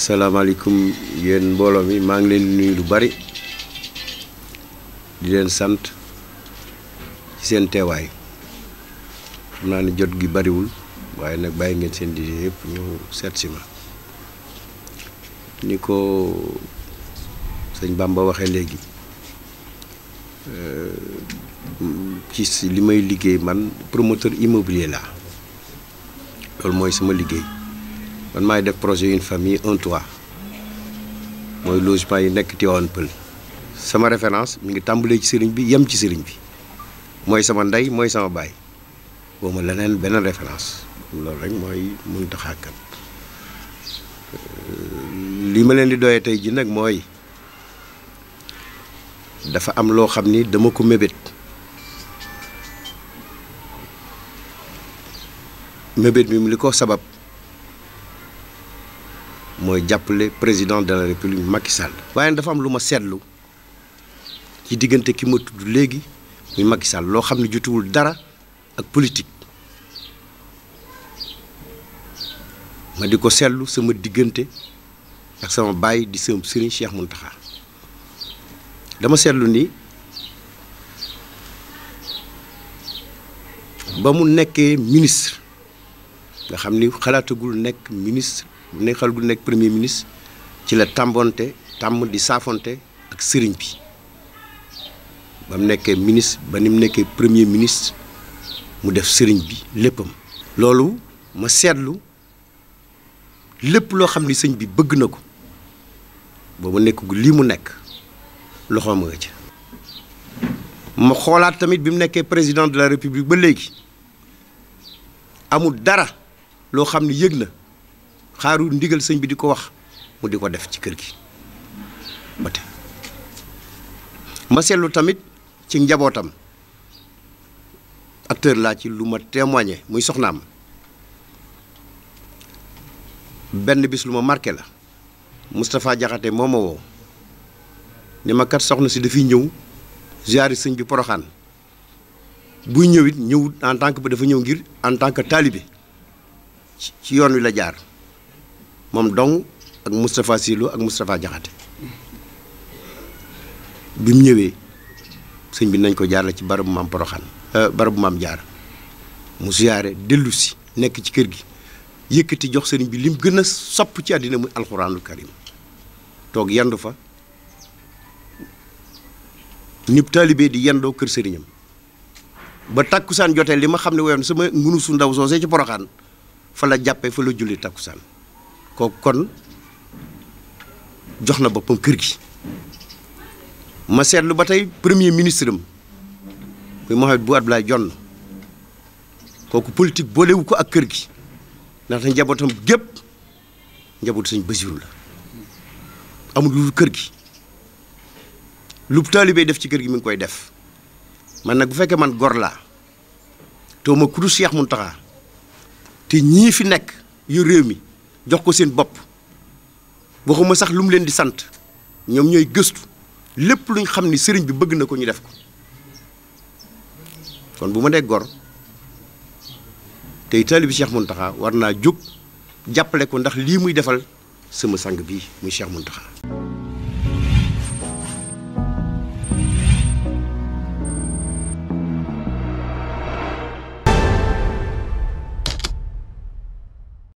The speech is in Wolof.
Assalamualaikum, yen mbolo mi maa ngi leen di nuyu lu bari di leen sant ci seen teway xam ni jot gi wul waye nak bàyyi ngeen seen di yep ñu set ci ma niko ko bamba waxe legi euh ci limay liggey man promoteur immobilier la lol moy sama liggey man maay def projet une famille un toit mooy logement yi nekk Tivaouane Peul sama référence mi ngi tàmbalee ci sëriñ bi yem ci sëriñ bi mooy sama ndey mooy sama baay boo leneen benn référence loolu rek mooy mun taxaakat euh, li ma leen di doyee tey ji nag mooy dafa am loo xam ni dama ko mébét mébét bi mu li ko sabab moy jàppale président de la république Macky Sall. waaye dafa am luma sétlu ci digënté ki ma tuddu légui muy Macky Sall loo xam ne dara ak politique ma diko sétlu sama digënté ak sama baye di sama Serigne Cheikh Mountakha dama sétlu ni ba mu nekké ministre nga xamni ni xalaatagul nekk ministre. ne xal gu nekk premier ministre ci la tàmbonte tàmm di saafonte ak sëriñ bi ba mu nekkee ministre ba ni mu nekkee premier ministre mu def sëriñ bi léppam. loolu ma seetlu lépp loo xam ni sëñ bi bëgg na ko ba mu nekk lii mu nekk loxoom nga ci. ma xoolaat tamit bi mu nekkee président de la république ba léegi amul dara loo xam ni yëg na. xaaru ndigal sëñ bi di wax mu diko def ci kër gi ba ma seetlu tamit ci njabotam acteur la ci luma témoigner muy soxnam benn bis luma marqué la mustapha jaxate moo wo ni ma kat soxna si dafiy ñew ziyaari bi poroxane bu ñewit ñew en tant que dafa ñew ngir en tant que talibé ci yoon la jaar moom dong ak Moustapha Silo ak Moustapha Diakhaté bi mu ñëwee sëñ bi nañ ko jaarale ci barabu maam Poroxaan euh, barabu maam jaar mu siyaare nekk ci kër gi yëkkati jox sëriñ bi lim gën a sopp ci àddina muy alxuraanul karim toog yendu fa nib taalibe di yendoo kër sëriñam ba takkusaan jotee li ma xam ne woyoon sama ngunu su ndaw soosee ci Poroxaan fa la jàppee fa la julli takkusaan kooku kon jox na boppam kër gi ma seetlu ba tey premier ministre am muy Mahammed Boun Abdallah Dionne kooku politique boolewu ko ak kër gi ndax ndaxte njabootam gépp njabootu Sëñ Basiru la amul lu kër gi lu taalibe def ci kër gi mu ngi koy def man nag bu fekkee man gor laa te ma kudu mun Muntaxa te ñii fi nekk yu réew mi jox ko seen bopp waxuma sax lu mu leen di sant ñoom ñooy gëstu lépp luñ xam ni sëriñ bi bëgg na ko ñu def ko kon bu ma dee gor tey taalibi Cheikh Mountakha war naa jóg jàppale ko ndax lii muy defal sama sang bii muy Cheikh Mountakha